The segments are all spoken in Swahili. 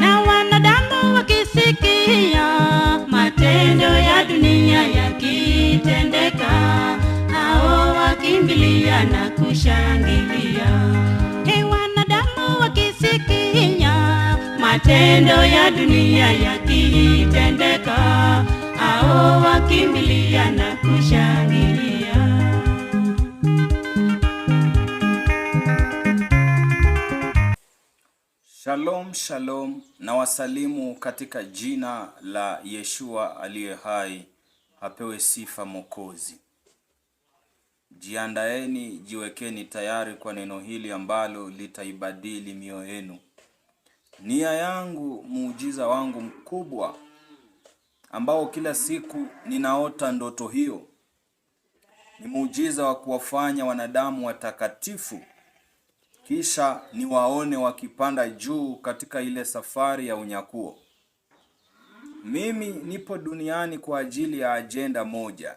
na wanadamu wakisikia matendo ya dunia yakitendeka, hao wakimbilia na kushangilia. wanadamu wakisikia matendo ya dunia yakitendeka, hao wakimbilia na kushangilia. Shalom, shalom na wasalimu katika jina la Yeshua aliye hai, apewe sifa Mwokozi. Jiandaeni, jiwekeni tayari kwa neno hili ambalo litaibadili mioyo yenu. Nia yangu, muujiza wangu mkubwa ambao kila siku ninaota ndoto hiyo, ni muujiza wa kuwafanya wanadamu watakatifu kisha niwaone wakipanda juu katika ile safari ya unyakuo. Mimi nipo duniani kwa ajili ya ajenda moja,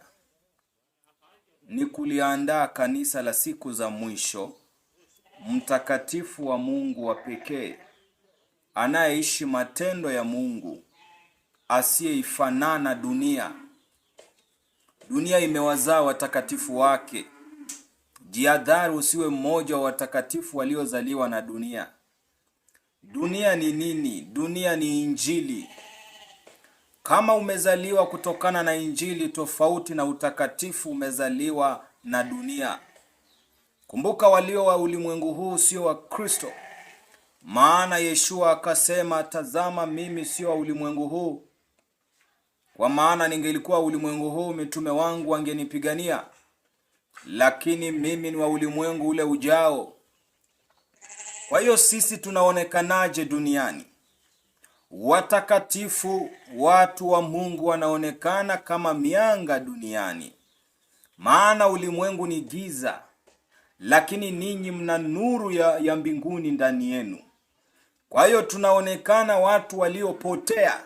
ni kuliandaa kanisa la siku za mwisho mtakatifu wa Mungu wa pekee anayeishi matendo ya Mungu asiyeifanana dunia. Dunia imewazaa watakatifu wake jiadhari usiwe mmoja wa watakatifu waliozaliwa na dunia. Dunia ni nini? Dunia ni Injili. Kama umezaliwa kutokana na Injili tofauti na utakatifu, umezaliwa na dunia. Kumbuka, walio wa ulimwengu huu sio wa Kristo, maana Yeshua akasema, tazama mimi sio wa ulimwengu huu, kwa maana ningelikuwa ulimwengu huu mitume wangu wangenipigania lakini mimi ni wa ulimwengu ule ujao. Kwa hiyo sisi tunaonekanaje duniani? Watakatifu, watu wa Mungu wanaonekana kama mianga duniani, maana ulimwengu ni giza, lakini ninyi mna nuru ya, ya mbinguni ndani yenu. Kwa hiyo tunaonekana watu waliopotea.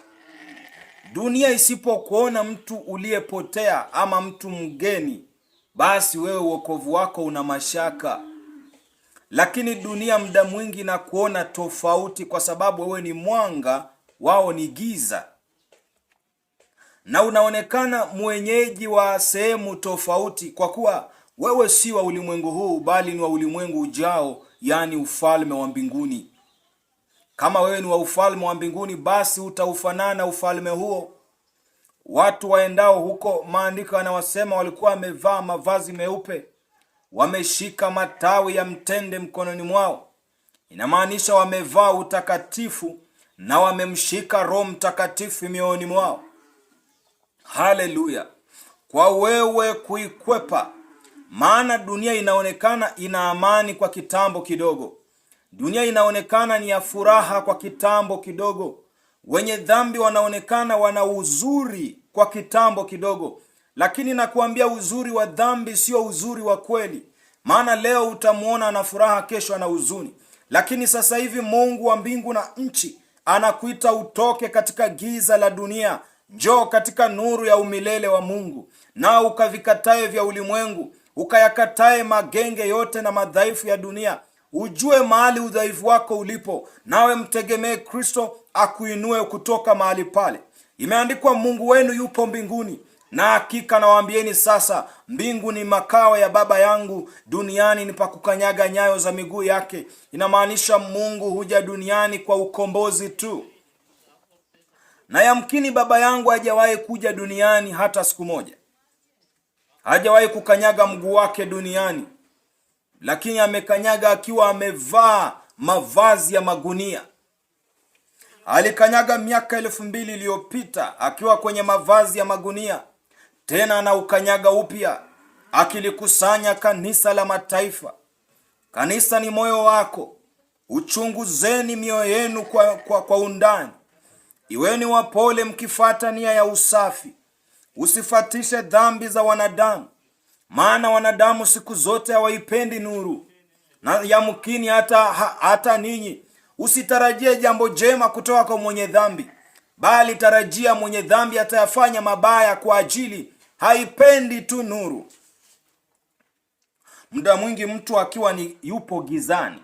Dunia isipokuona mtu uliyepotea ama mtu mgeni basi wewe wokovu wako una mashaka. Lakini dunia muda mwingi na kuona tofauti, kwa sababu wewe ni mwanga, wao ni giza, na unaonekana mwenyeji wa sehemu tofauti, kwa kuwa wewe si wa ulimwengu huu, bali ni wa ulimwengu ujao, yaani ufalme wa mbinguni. Kama wewe ni wa ufalme wa mbinguni, basi utaufanana ufalme huo Watu waendao huko, maandiko yanawasema walikuwa wamevaa mavazi meupe, wameshika matawi ya mtende mkononi mwao. Inamaanisha wamevaa utakatifu na wamemshika Roho Mtakatifu mioyoni mwao. Haleluya! Kwa wewe kuikwepa, maana dunia inaonekana ina amani kwa kitambo kidogo, dunia inaonekana ni ya furaha kwa kitambo kidogo, wenye dhambi wanaonekana wana uzuri kwa kitambo kidogo, lakini nakuambia uzuri wa dhambi sio uzuri wa kweli. Maana leo utamwona ana furaha, kesho ana huzuni, lakini sasa hivi Mungu wa mbingu na nchi anakuita utoke katika giza la dunia, njoo katika nuru ya umilele wa Mungu, na ukavikatae vya ulimwengu, ukayakatae magenge yote na madhaifu ya dunia. Ujue mahali udhaifu wako ulipo, nawe mtegemee Kristo akuinue kutoka mahali pale. Imeandikwa, Mungu wenu yupo mbinguni, na hakika nawaambieni sasa, mbingu ni makao ya Baba yangu, duniani ni pakukanyaga nyayo za miguu yake. Inamaanisha Mungu huja duniani kwa ukombozi tu, na yamkini Baba yangu hajawahi kuja duniani hata siku moja, hajawahi kukanyaga mguu wake duniani, lakini amekanyaga akiwa amevaa mavazi ya magunia alikanyaga miaka elfu mbili iliyopita akiwa kwenye mavazi ya magunia, tena anaukanyaga upya akilikusanya kanisa la mataifa. Kanisa ni moyo wako. Uchunguzeni mioyo yenu kwa, kwa, kwa undani. Iweni wapole mkifata nia ya usafi. Usifatishe dhambi za wanadamu, maana wanadamu siku zote hawaipendi nuru, na yamkini hata, hata ninyi Usitarajie jambo jema kutoka kwa mwenye dhambi, bali tarajia mwenye dhambi atayafanya mabaya kwa ajili haipendi tu nuru. Muda mwingi mtu akiwa ni yupo gizani,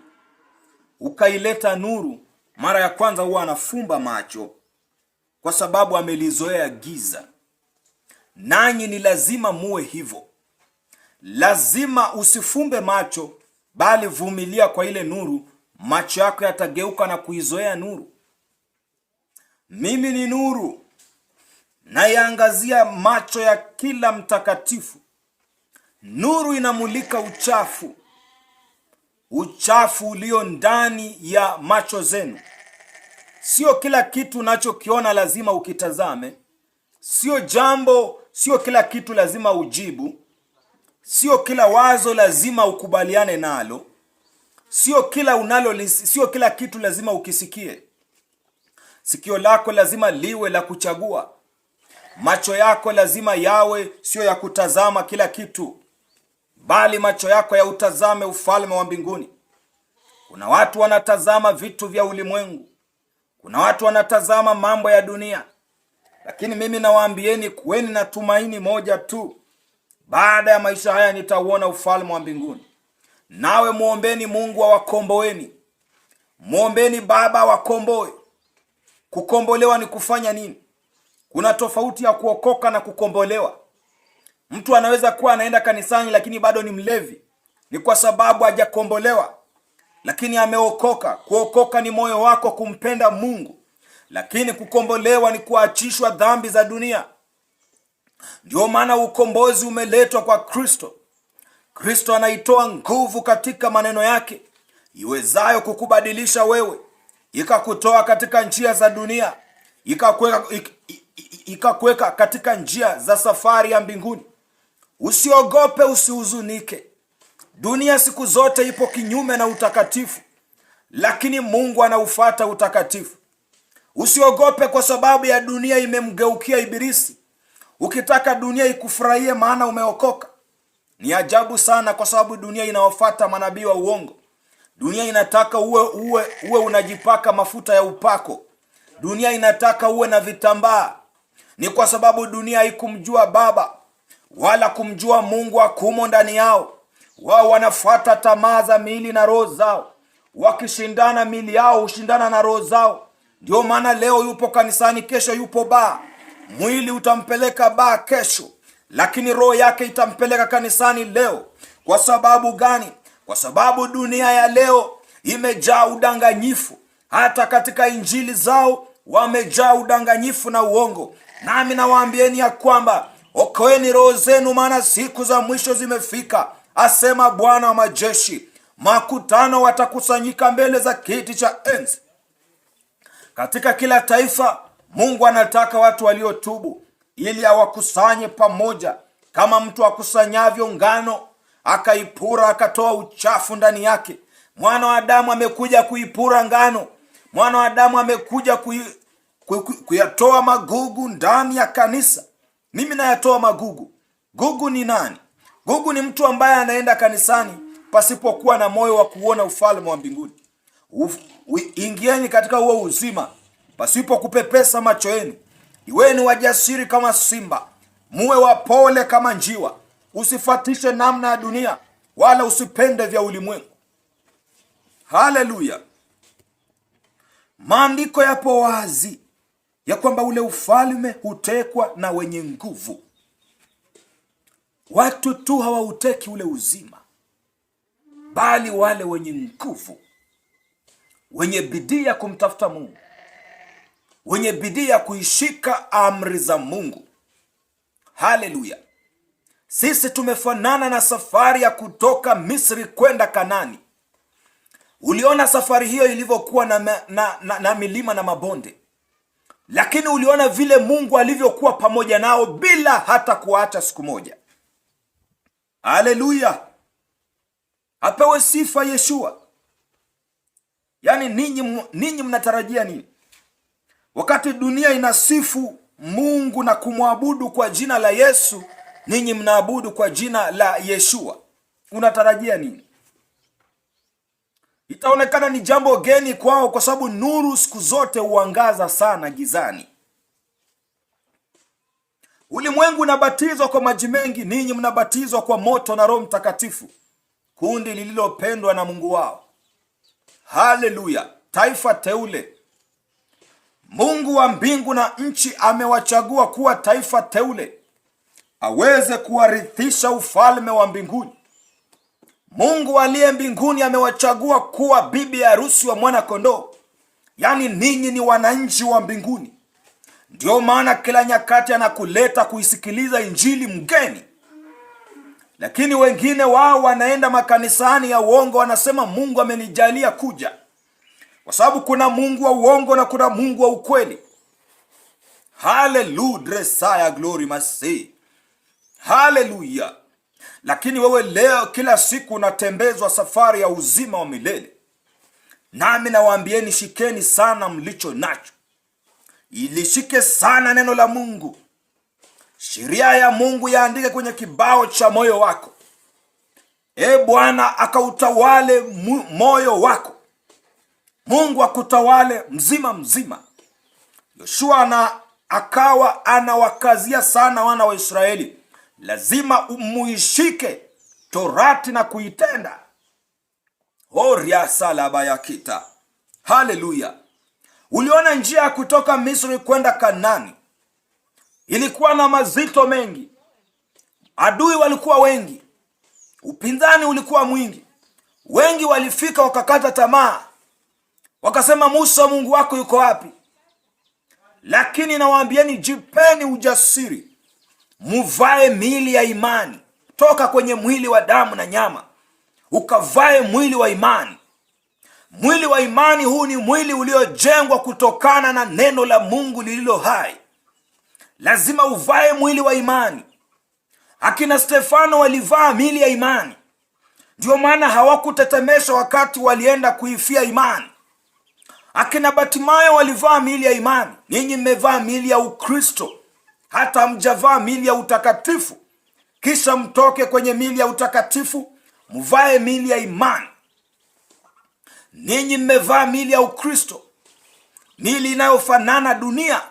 ukaileta nuru mara ya kwanza, huwa anafumba macho kwa sababu amelizoea giza. Nanyi ni lazima muwe hivyo, lazima usifumbe macho, bali vumilia kwa ile nuru macho yako yatageuka na kuizoea nuru. Mimi ni nuru naiangazia macho ya kila mtakatifu. Nuru inamulika uchafu, uchafu ulio ndani ya macho zenu. Sio kila kitu unachokiona lazima ukitazame, sio jambo, sio kila kitu lazima ujibu, sio kila wazo lazima ukubaliane nalo, Sio kila unalo, sio kila kitu lazima ukisikie. Sikio lako lazima liwe la kuchagua. Macho yako lazima yawe sio ya kutazama kila kitu, bali macho yako ya utazame ufalme wa mbinguni. Kuna watu wanatazama vitu vya ulimwengu, kuna watu wanatazama mambo ya dunia, lakini mimi nawaambieni, kweni na tumaini moja tu, baada ya maisha haya nitauona ufalme wa mbinguni. Nawe mwombeni Mungu awakomboeni wa mwombeni Baba wakomboe. Kukombolewa ni kufanya nini? Kuna tofauti ya kuokoka na kukombolewa. Mtu anaweza kuwa anaenda kanisani lakini bado ni mlevi, ni kwa sababu hajakombolewa, lakini ameokoka. Kuokoka ni moyo wako kumpenda Mungu, lakini kukombolewa ni kuachishwa dhambi za dunia. Ndio maana ukombozi umeletwa kwa Kristo. Kristo anaitoa nguvu katika maneno yake iwezayo kukubadilisha wewe, ikakutoa katika njia za dunia, ikakuweka katika njia za safari ya mbinguni. Usiogope, usihuzunike. Dunia siku zote ipo kinyume na utakatifu, lakini Mungu anaufata utakatifu. Usiogope kwa sababu ya dunia imemgeukia ibirisi Ukitaka dunia ikufurahie, maana umeokoka, ni ajabu sana, kwa sababu dunia inawafata manabii wa uongo. Dunia inataka uwe, uwe, uwe unajipaka mafuta ya upako. Dunia inataka uwe na vitambaa. Ni kwa sababu dunia haikumjua Baba wala kumjua Mungu akumo ndani yao. Wao wanafuata tamaa za miili na roho zao, wakishindana miili yao hushindana na roho zao. Ndio maana leo yupo kanisani, kesho yupo baa. Mwili utampeleka baa kesho lakini roho yake itampeleka kanisani leo. Kwa sababu gani? Kwa sababu dunia ya leo imejaa udanganyifu, hata katika injili zao wamejaa udanganyifu na uongo. Nami nawaambieni ya kwamba okoeni roho zenu, maana siku za mwisho zimefika, asema Bwana wa majeshi. Makutano watakusanyika mbele za kiti cha enzi katika kila taifa. Mungu anataka watu waliotubu ili awakusanye pamoja, kama mtu akusanyavyo ngano akaipura akatoa uchafu ndani yake. Mwana wa Adamu amekuja kuipura ngano. Mwana wa Adamu amekuja kuyatoa magugu ndani ya kanisa. Mimi nayatoa magugu. Gugu ni nani? Gugu ni mtu ambaye anaenda kanisani pasipokuwa na moyo wa kuona ufalme wa mbinguni. ingieni katika huo uzima pasipo kupepesa macho yenu. Iweni wajasiri kama simba, muwe wapole kama njiwa, usifatishe namna ya dunia, wala usipende vya ulimwengu. Haleluya! Maandiko yapo wazi ya kwamba ule ufalme hutekwa na wenye nguvu. Watu tu hawauteki ule uzima, bali wale wenye nguvu, wenye bidii ya kumtafuta Mungu wenye bidii ya kuishika amri za Mungu. Haleluya! Sisi tumefanana na safari ya kutoka Misri kwenda Kanani. Uliona safari hiyo ilivyokuwa na, na, na, na milima na mabonde, lakini uliona vile Mungu alivyokuwa pamoja nao bila hata kuacha siku moja. Haleluya, apewe sifa Yeshua. Yaani ninyi ninyi mnatarajia nini? Wakati dunia inasifu Mungu na kumwabudu kwa jina la Yesu, ninyi mnaabudu kwa jina la Yeshua. Unatarajia nini? Itaonekana ni jambo geni kwao, kwa sababu nuru siku zote huangaza sana gizani. Ulimwengu unabatizwa kwa maji mengi, ninyi mnabatizwa kwa moto na Roho Mtakatifu, kundi lililopendwa na Mungu wao. Haleluya, taifa teule Mungu wa mbingu na nchi amewachagua kuwa taifa teule, aweze kuwarithisha ufalme wa mbinguni. Mungu aliye mbinguni amewachagua kuwa bibi harusi wa mwana kondoo, yaani ninyi ni wananchi wa mbinguni. Ndiyo maana kila nyakati anakuleta kuisikiliza injili mgeni, lakini wengine wao wanaenda makanisani ya uongo, wanasema Mungu amenijalia kuja kwa sababu kuna Mungu wa uongo na kuna Mungu wa ukweli. Haleluya, saya glory masi, haleluya. Lakini wewe leo, kila siku unatembezwa safari ya uzima wa milele, nami nawaambieni, shikeni sana mlicho nacho, ilishike sana neno la Mungu, sheria ya Mungu yaandike kwenye kibao cha moyo wako. E Bwana, akautawale moyo wako Mungu akutawale mzima mzima. Yoshua na akawa anawakazia sana wana wa Israeli, lazima muishike torati na kuitenda. horia salaba ya kita. Haleluya! Uliona njia ya kutoka Misri kwenda Kanani ilikuwa na mazito mengi, adui walikuwa wengi, upinzani ulikuwa mwingi, wengi walifika wakakata tamaa wakasema, Musa Mungu wako yuko wapi? Lakini nawaambieni, jipeni ujasiri, muvae miili ya imani, toka kwenye mwili wa damu na nyama, ukavae mwili wa imani. Mwili wa imani huu ni mwili uliojengwa kutokana na neno la Mungu lililo hai. Lazima uvae mwili wa imani. Akina Stefano walivaa mili ya imani, ndiyo maana hawakutetemesha wakati walienda kuifia imani. Akina Batimayo walivaa mili ya imani, ninyi mmevaa mili ya Ukristo, hata mjavaa mili ya utakatifu. Kisha mtoke kwenye mili ya utakatifu mvae mili ya imani. Ninyi mmevaa mili ya Ukristo, mili inayofanana dunia.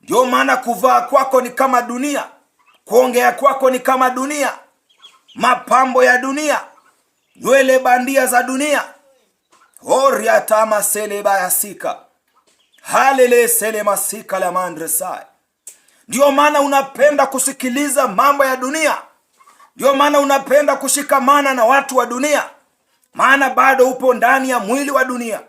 ndio maana kuvaa kwako ni kama dunia, kuongea kwako ni kama dunia, mapambo ya dunia, nywele bandia za dunia oriatamaselebasika haleleselemasika la mandresai. Ndiyo maana unapenda kusikiliza mambo ya dunia, ndiyo maana unapenda kushikamana na watu wa dunia, maana bado upo ndani ya mwili wa dunia.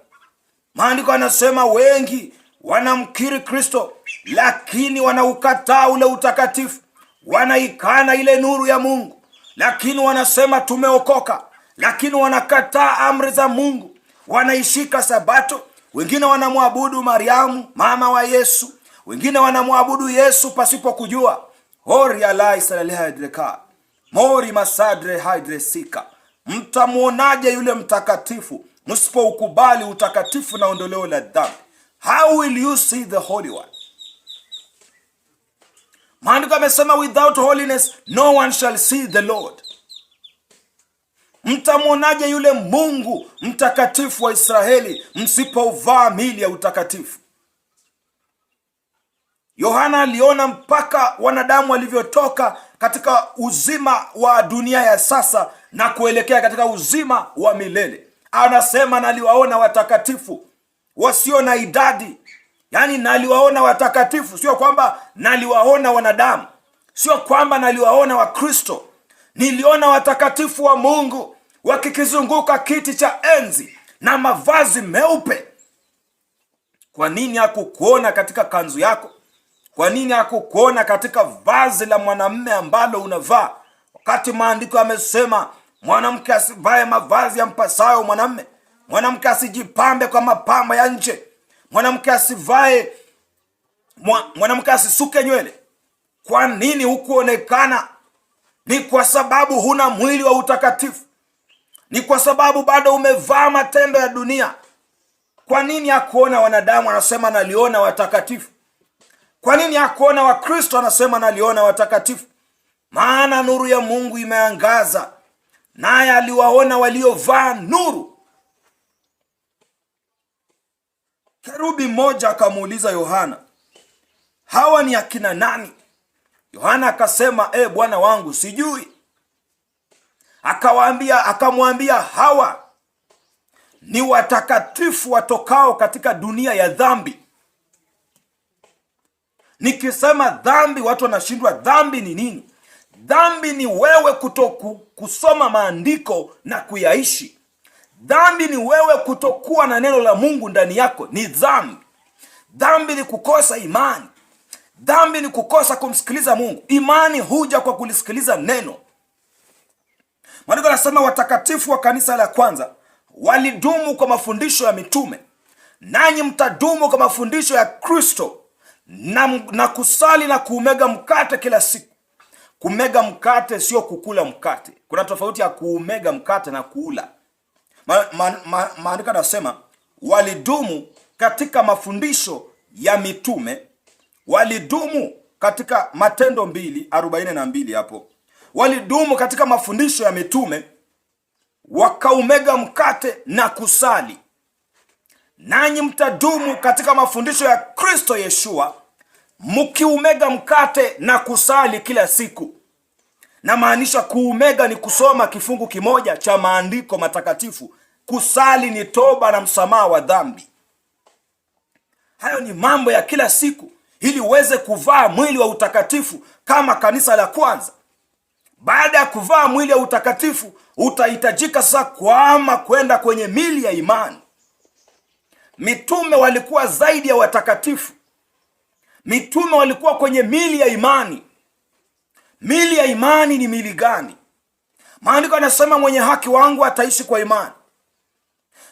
Maandiko anasema wengi wanamkiri Kristo, lakini wanaukataa ule utakatifu, wanaikana ile nuru ya Mungu, lakini wanasema tumeokoka, lakini wanakataa amri za Mungu wanaishika Sabato, wengine wanamwabudu Mariamu mama wa Yesu, wengine wanamwabudu Yesu pasipo kujua hori alai mori masadre hadresika Mtamwonaje yule mtakatifu msipoukubali utakatifu na ondoleo la dhambi? How will you see the holy one? Maandiko amesema without holiness no one shall see the Lord mtamwonaje yule Mungu mtakatifu wa Israeli msipouvaa mili ya utakatifu? Yohana aliona mpaka wanadamu walivyotoka katika uzima wa dunia ya sasa na kuelekea katika uzima wa milele. Anasema naliwaona watakatifu wasio na idadi, yaani naliwaona watakatifu, sio kwamba naliwaona wanadamu, sio kwamba naliwaona Wakristo niliona watakatifu wa Mungu wakikizunguka kiti cha enzi na mavazi meupe. Kwa nini hakukuona katika kanzu yako? Kwa nini hakukuona katika vazi la mwanamme ambalo unavaa, wakati maandiko yamesema mwanamke asivae mavazi ya mpasayo mwanamme mwanamke asijipambe kwa mapambo ya nje, mwanamke asivae, mwanamke asisuke nywele. Kwa nini hukuonekana ni kwa sababu huna mwili wa utakatifu, ni kwa sababu bado umevaa matendo ya dunia. Kwa nini hakuona wanadamu? Anasema naliona watakatifu. Kwa nini hakuona Wakristo? Anasema naliona watakatifu, maana nuru ya Mungu imeangaza, naye aliwaona waliovaa nuru. Kerubi mmoja akamuuliza Yohana, hawa ni akina nani? Yohana akasema e, Bwana wangu sijui. Akawaambia, akamwambia Hawa, ni watakatifu watokao katika dunia ya dhambi. Nikisema dhambi, watu wanashindwa. Dhambi ni nini? Dhambi ni wewe kutoku kusoma maandiko na kuyaishi. Dhambi ni wewe kutokuwa na neno la Mungu ndani yako, ni dhambi. Dhambi ni kukosa imani. Dhambi ni kukosa kumsikiliza Mungu. Imani huja kwa kulisikiliza neno. Maandiko anasema watakatifu wa kanisa la kwanza walidumu kwa mafundisho ya mitume, nanyi mtadumu kwa mafundisho ya Kristo na, na kusali na kuumega mkate kila siku. Kumega mkate sio kukula mkate. Kuna tofauti ya kuumega mkate na kuula. Maandiko ma, ma, anasema walidumu katika mafundisho ya mitume walidumu katika Matendo mbili arobaini na mbili hapo walidumu katika mafundisho ya mitume, wakaumega mkate na kusali. Nanyi mtadumu katika mafundisho ya Kristo Yeshua, mkiumega mkate na kusali kila siku. Na maanisha kuumega ni kusoma kifungu kimoja cha maandiko matakatifu, kusali ni toba na msamaha wa dhambi. Hayo ni mambo ya kila siku ili uweze kuvaa mwili wa utakatifu kama kanisa la kwanza. Baada ya kuvaa mwili wa utakatifu, utahitajika sasa kuama kwenda kwenye mili ya imani. Mitume walikuwa zaidi ya watakatifu. Mitume walikuwa kwenye mili ya imani. Mili ya imani ni mili gani? Maandiko anasema mwenye haki wangu ataishi kwa imani,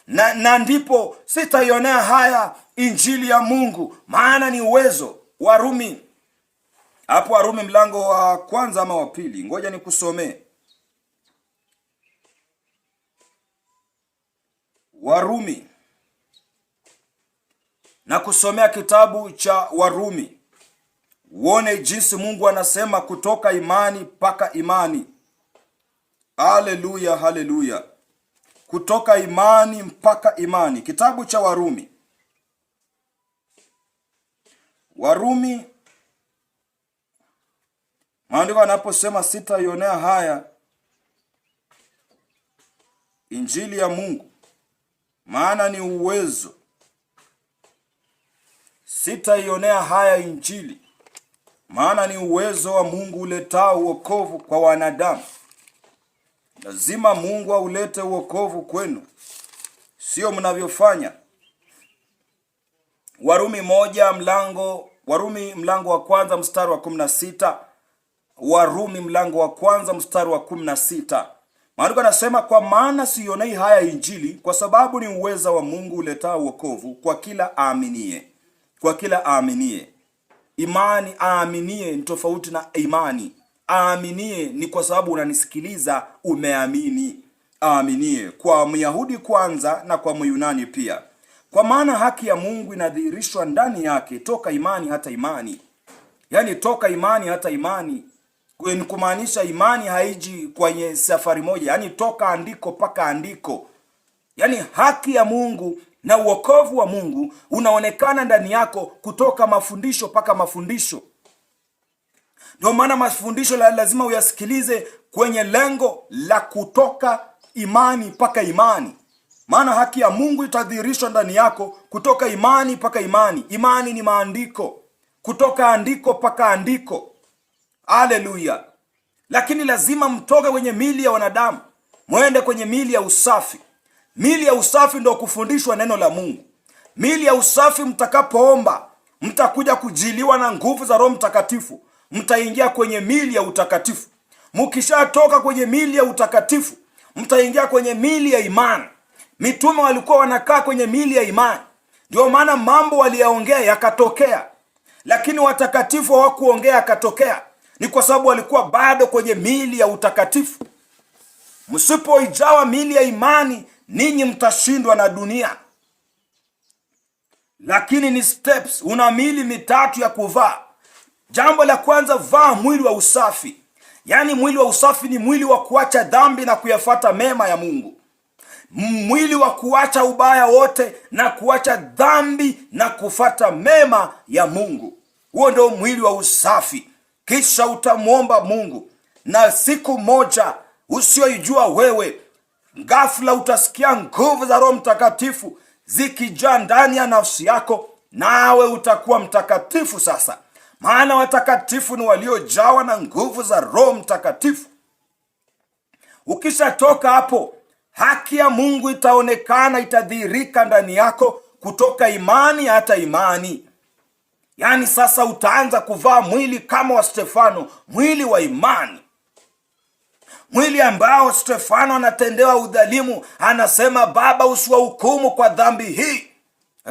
na, na ndipo sitaionea haya injili ya Mungu, maana ni uwezo Warumi hapo Warumi mlango wa kwanza ama wa pili, ngoja nikusomee Warumi na kusomea kitabu cha Warumi uone jinsi Mungu anasema kutoka imani mpaka imani. Haleluya, haleluya! Kutoka imani mpaka imani, kitabu cha Warumi Warumi maandiko anaposema sitaionea haya injili ya Mungu, maana ni uwezo. Sitaionea haya injili, maana ni uwezo wa Mungu uletao uokovu kwa wanadamu. Lazima Mungu aulete uokovu kwenu, sio mnavyofanya. Warumi moja mlango Warumi mlango wa kwanza mstari wa sita Warumi mlango wa kwanza mstari wa sita Maandiko anasema kwa maana siionei haya Injili kwa sababu ni uweza wa Mungu uletao wokovu kwa kila aaminie. Kwa kila aaminie. Imani aaminie ni tofauti na imani. Aaminie ni kwa sababu unanisikiliza umeamini. Aaminie kwa Myahudi kwanza na kwa Myunani pia. Kwa maana haki ya Mungu inadhihirishwa ndani yake toka imani hata imani, yaani toka imani hata imani ni kumaanisha imani haiji kwenye safari moja, yaani toka andiko mpaka andiko, yaani haki ya Mungu na uokovu wa Mungu unaonekana ndani yako kutoka mafundisho mpaka mafundisho. Ndio maana mafundisho la lazima uyasikilize kwenye lengo la kutoka imani mpaka imani maana haki ya Mungu itadhihirishwa ndani yako, kutoka imani mpaka imani. Imani ni maandiko, kutoka andiko mpaka andiko. Haleluya! Lakini lazima mtoke kwenye mili ya wanadamu, mwende kwenye mili ya usafi. Mili ya usafi ndio kufundishwa neno la Mungu. Mili ya usafi, mtakapoomba mtakuja kujiliwa na nguvu za Roho Mtakatifu, mtaingia kwenye mili ya utakatifu. Mkishatoka kwenye mili ya utakatifu, mtaingia kwenye mili ya imani. Mitume walikuwa wanakaa kwenye mili ya imani, ndio maana mambo waliyaongea yakatokea, lakini watakatifu hawakuongea yakatokea. Ni kwa sababu walikuwa bado kwenye mili ya utakatifu. Msipoijawa mili ya imani, ninyi mtashindwa na dunia. Lakini ni steps, una mili mitatu ya kuvaa. Jambo la kwanza, vaa mwili wa usafi. Yaani mwili wa usafi ni mwili wa kuacha dhambi na kuyafata mema ya Mungu mwili wa kuacha ubaya wote na kuacha dhambi na kufata mema ya Mungu. Huo ndio mwili wa usafi. Kisha utamwomba Mungu, na siku moja usioijua wewe, ghafla utasikia nguvu za Roho Mtakatifu zikijaa ndani ya nafsi yako, nawe utakuwa mtakatifu sasa, maana watakatifu ni waliojawa na nguvu za Roho Mtakatifu. Ukishatoka hapo haki ya Mungu itaonekana, itadhihirika ndani yako kutoka imani hata imani. Yaani sasa utaanza kuvaa mwili kama wa Stefano, mwili wa imani, mwili ambao Stefano anatendewa udhalimu, anasema Baba, usiwahukumu kwa dhambi hii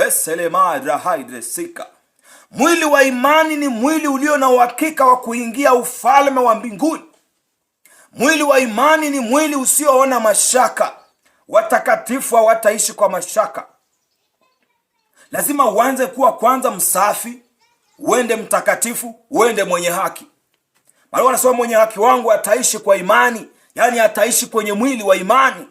eselemadrahaidresika. Mwili wa imani ni mwili ulio na uhakika wa kuingia ufalme wa mbinguni. Mwili wa imani ni mwili usioona mashaka. Watakatifu hawataishi kwa mashaka. Lazima uanze kuwa kwanza msafi, uende mtakatifu, uende mwenye haki. Maana anasema mwenye haki wangu ataishi kwa imani, yaani ataishi kwenye mwili wa imani.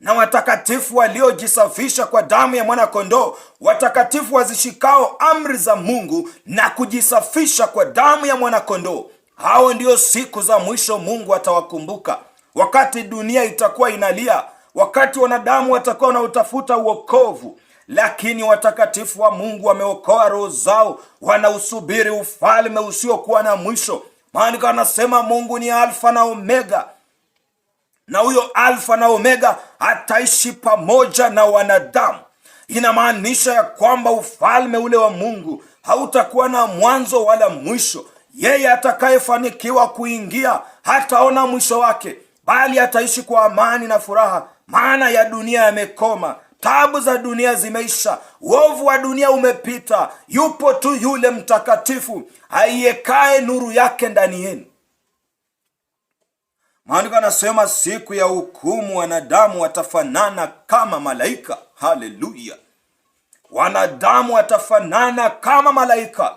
Na watakatifu waliojisafisha kwa damu ya mwanakondoo, watakatifu wazishikao amri za Mungu na kujisafisha kwa damu ya mwanakondoo, hao ndio siku za mwisho Mungu atawakumbuka wakati dunia itakuwa inalia, wakati wanadamu watakuwa wanaotafuta uokovu, lakini watakatifu wa Mungu wameokoa roho zao, wanausubiri ufalme usiokuwa na mwisho. Maandiko anasema Mungu ni Alfa na Omega, na huyo Alfa na Omega ataishi pamoja na wanadamu. Inamaanisha ya kwamba ufalme ule wa Mungu hautakuwa na mwanzo wala mwisho. Yeye atakayefanikiwa kuingia hataona mwisho wake, bali ataishi kwa amani na furaha, maana ya dunia yamekoma, tabu za dunia zimeisha, uovu wa dunia umepita. Yupo tu yule mtakatifu aiyekae nuru yake ndani yenu. Maandiko anasema siku ya hukumu wanadamu watafanana kama malaika. Haleluya! Wanadamu watafanana kama malaika,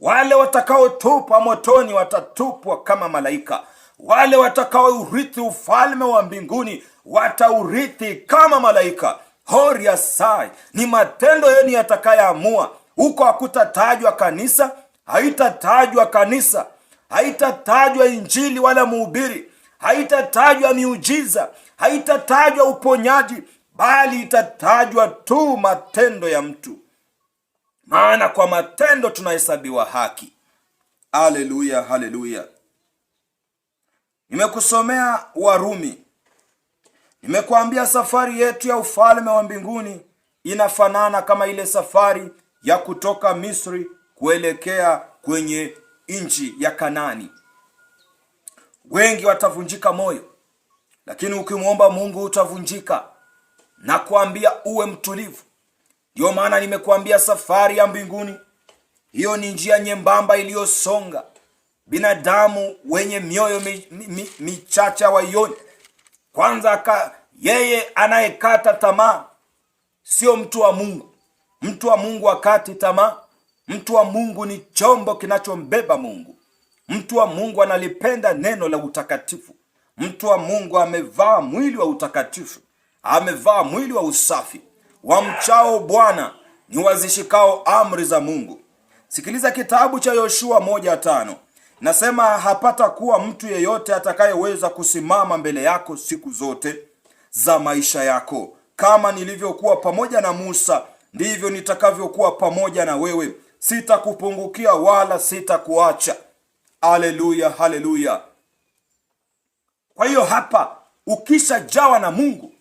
wale watakaotupwa motoni watatupwa kama malaika. Wale watakaourithi ufalme wa mbinguni wataurithi kama malaika. Hori ya sai ni matendo yeni yatakayeamua Huko hakutatajwa kanisa, haitatajwa kanisa, haitatajwa injili wala muubiri haitatajwa miujiza, haitatajwa uponyaji, bali itatajwa tu matendo ya mtu, maana kwa matendo tunahesabiwa haki. Haleluya, haleluya! Nimekusomea Warumi, nimekuambia safari yetu ya ufalme wa mbinguni inafanana kama ile safari ya kutoka Misri kuelekea kwenye nchi ya kanani Wengi watavunjika moyo, lakini ukimwomba Mungu utavunjika na kuambia uwe mtulivu. Ndiyo maana nimekuambia safari ya mbinguni hiyo ni njia nyembamba iliyosonga binadamu wenye mioyo mi, mi, michacha waione kwanza ka, yeye anayekata tamaa sio mtu wa Mungu. Mtu wa Mungu akati tamaa. Mtu wa Mungu ni chombo kinachombeba Mungu. Mtu wa Mungu analipenda neno la utakatifu. Mtu wa Mungu amevaa mwili wa utakatifu, amevaa mwili wa usafi. Wamchao Bwana ni wazishikao amri za Mungu. Sikiliza kitabu cha Yoshua moja tano. Nasema hapatakuwa mtu yeyote atakayeweza kusimama mbele yako siku zote za maisha yako. Kama nilivyokuwa pamoja na Musa, ndivyo nitakavyokuwa pamoja na wewe, sitakupungukia wala sitakuacha. Haleluya, haleluya. Kwa hiyo hapa ukishajawa na Mungu,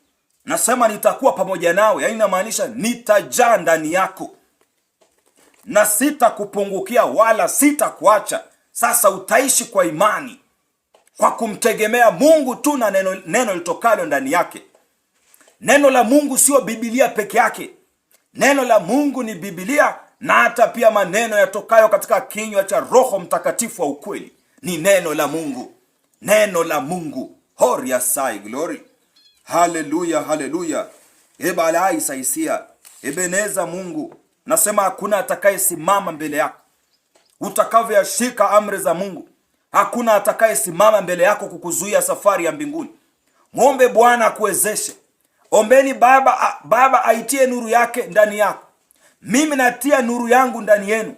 nasema nitakuwa pamoja nawe, yaani inamaanisha nitajaa ndani yako na sitakupungukia wala sitakuacha. Sasa utaishi kwa imani kwa kumtegemea Mungu tu na neno, neno litokalo ndani yake. Neno la Mungu sio Biblia peke yake. Neno la Mungu ni Biblia na hata pia maneno yatokayo katika kinywa cha Roho Mtakatifu wa ukweli ni neno la Mungu. Neno la Mungu horia sai glory. Haleluya, haleluya. Ebalai saisia ebeneza Mungu, nasema hakuna atakayesimama mbele yako utakavyoyashika amri za Mungu, hakuna atakayesimama mbele yako kukuzuia safari ya mbinguni. Mwombe Bwana akuwezeshe. Ombeni Baba, Baba aitie nuru yake ndani yako. Mimi natia nuru yangu ndani yenu,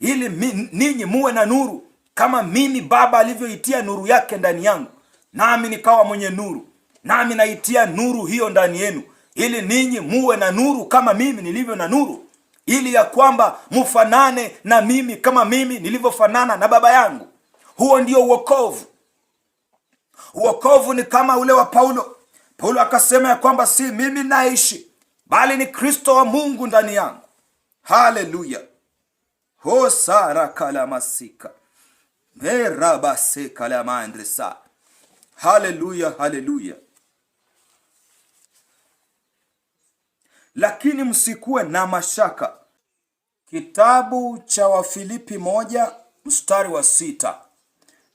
ili ninyi muwe na nuru kama mimi Baba alivyoitia nuru yake ndani yangu, nami nikawa mwenye nuru. Nami naitia nuru hiyo ndani yenu, ili ninyi muwe na nuru kama mimi nilivyo na nuru ili ya kwamba mfanane na mimi kama mimi nilivyofanana na baba yangu. Huo ndio uokovu. Uokovu ni kama ule wa Paulo. Paulo akasema ya kwamba si mimi naishi, bali ni Kristo wa Mungu ndani yangu. Haleluya! hosaraalamasika erabasekalamadresa haleluya, haleluya. Lakini msikuwe na mashaka Kitabu cha Wafilipi moja mstari wa sita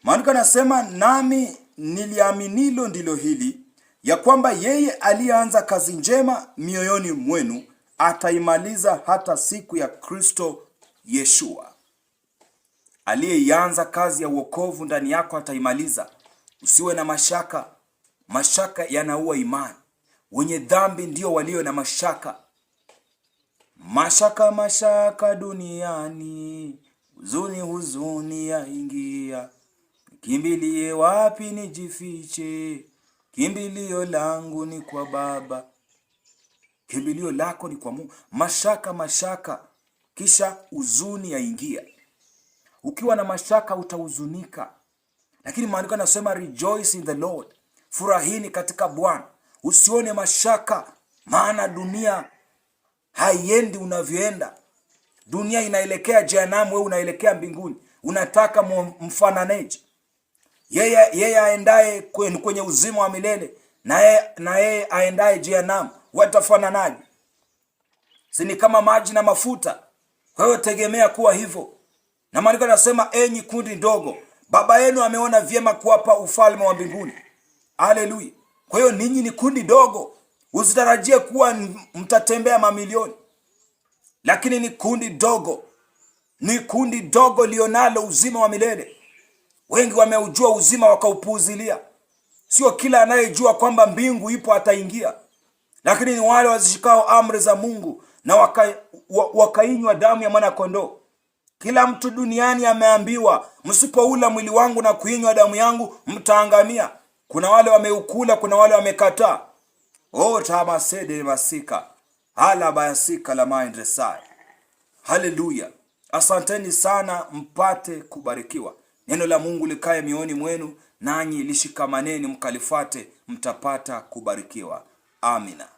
maandiko anasema, nami niliaminilo ndilo hili ya kwamba yeye aliyeanza kazi njema mioyoni mwenu ataimaliza hata siku ya Kristo Yeshua. Aliyeianza kazi ya uokovu ndani yako ataimaliza. Usiwe na mashaka. Mashaka yanaua imani. Wenye dhambi ndio walio na mashaka. Mashaka mashaka duniani, huzuni huzuni yaingia, kimbilie wapi nijifiche? Kimbilio langu ni kwa Baba, kimbilio lako ni kwa Mungu. Mashaka mashaka, kisha huzuni yaingia. Ukiwa na mashaka utahuzunika, lakini maandiko yanasema rejoice in the Lord, furahini katika Bwana. Usione mashaka, maana dunia haiendi unavyoenda. Dunia inaelekea jehanamu, wewe unaelekea mbinguni. Unataka mfananeje? Yeye yeye aendaye kwenye uzima wa milele na yeye na yeye aendaye jehanamu watafananaje? Si ni kama maji na mafuta? Kwa hiyo tegemea kuwa hivyo, na maandiko yanasema, enyi kundi ndogo, baba yenu ameona vyema kuwapa ufalme wa mbinguni. Haleluya! Kwa hiyo ninyi ni kundi dogo Usitarajie kuwa mtatembea mamilioni, lakini ni kundi dogo, ni kundi dogo lionalo uzima wa milele. Wengi wameujua uzima wakaupuuzilia. Sio kila anayejua kwamba mbingu ipo ataingia, lakini ni wale wazishikao amri za Mungu na waka, wakainywa damu ya mwanakondoo. Kila mtu duniani ameambiwa, msipoula mwili wangu na kuinywa damu yangu mtaangamia. Kuna wale wameukula, kuna wale wamekataa otamasede masika halabayasika la maendresai. Haleluya, asanteni sana, mpate kubarikiwa. Neno la Mungu likaye mioni mwenu, nanyi lishikamaneni mkalifate, mtapata kubarikiwa. Amina.